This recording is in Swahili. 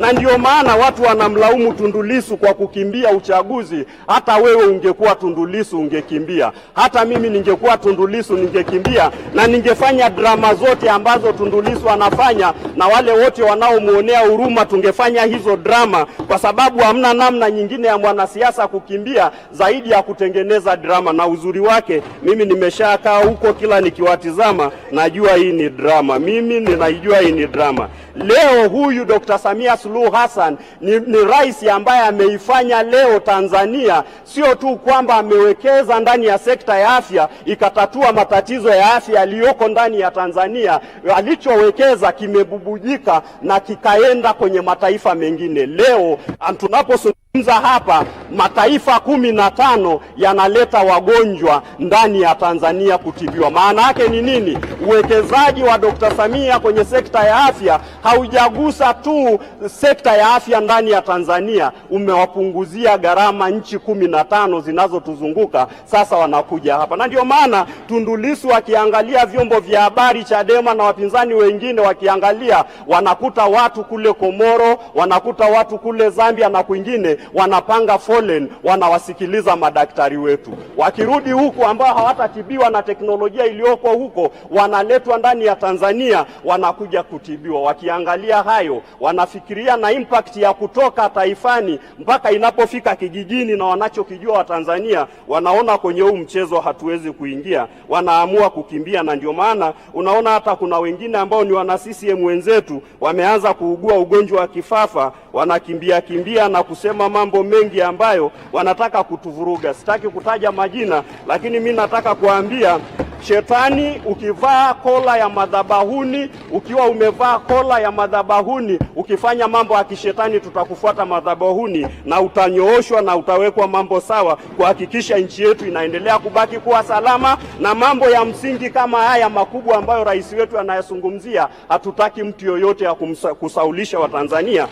na ndio maana watu wanamlaumu Tundu Lissu kwa kukimbia uchaguzi. Hata wewe ungekuwa Tundu Lissu ungekimbia, hata mimi ningekuwa Tundu Lissu ningekimbia, na ningefanya drama zote ambazo Tundu Lissu anafanya, na wale wote wanaomwonea huruma tungefanya hizo drama, kwa sababu hamna namna nyingine ya mwanasiasa kukimbia zaidi ya kutengeneza drama. Na uzuri wake, mimi nimeshakaa huko, kila nikiwatizama najua hii ni drama, mimi ninaijua hii ni drama. Leo huyu Dr. Samia Suluhu Hassan ni, ni rais ambaye ameifanya leo Tanzania sio tu kwamba amewekeza ndani ya sekta ya afya ikatatua matatizo ya afya yaliyoko ndani ya Tanzania. Alichowekeza kimebubujika na kikaenda kwenye mataifa mengine. Leo tunapozungumza hapa, mataifa kumi na tano yanaleta wagonjwa ndani ya Tanzania kutibiwa. Maana yake ni nini? Uwekezaji wa Dr. Samia kwenye sekta ya afya haujagusa tu sekta ya afya ndani ya Tanzania umewapunguzia gharama nchi kumi na tano zinazotuzunguka. Sasa wanakuja hapa, na ndio maana Tundu Lissu akiangalia vyombo vya habari, Chadema na wapinzani wengine wakiangalia, wanakuta watu kule Komoro, wanakuta watu kule Zambia na kwingine, wanapanga foleni, wanawasikiliza madaktari wetu. Wakirudi huku ambao hawatatibiwa na teknolojia iliyoko huko, wanaletwa ndani ya Tanzania, wanakuja kutibiwa. Wakiangalia hayo wanafikiria pamoja na impact ya kutoka taifani mpaka inapofika kijijini na wanachokijua Watanzania wanaona kwenye huu mchezo hatuwezi kuingia, wanaamua kukimbia, na ndio maana unaona hata kuna wengine ambao ni wana CCM wenzetu wameanza kuugua ugonjwa wa kifafa, wanakimbia kimbia na kusema mambo mengi ambayo wanataka kutuvuruga. Sitaki kutaja majina, lakini mi nataka kuambia Shetani ukivaa kola ya madhabahuni, ukiwa umevaa kola ya madhabahuni, ukifanya mambo ya kishetani, tutakufuata madhabahuni na utanyooshwa na utawekwa mambo sawa, kuhakikisha nchi yetu inaendelea kubaki kuwa salama. Na mambo ya msingi kama haya makubwa ambayo rais wetu anayazungumzia, hatutaki mtu yoyote ya kumsa, kusaulisha Watanzania.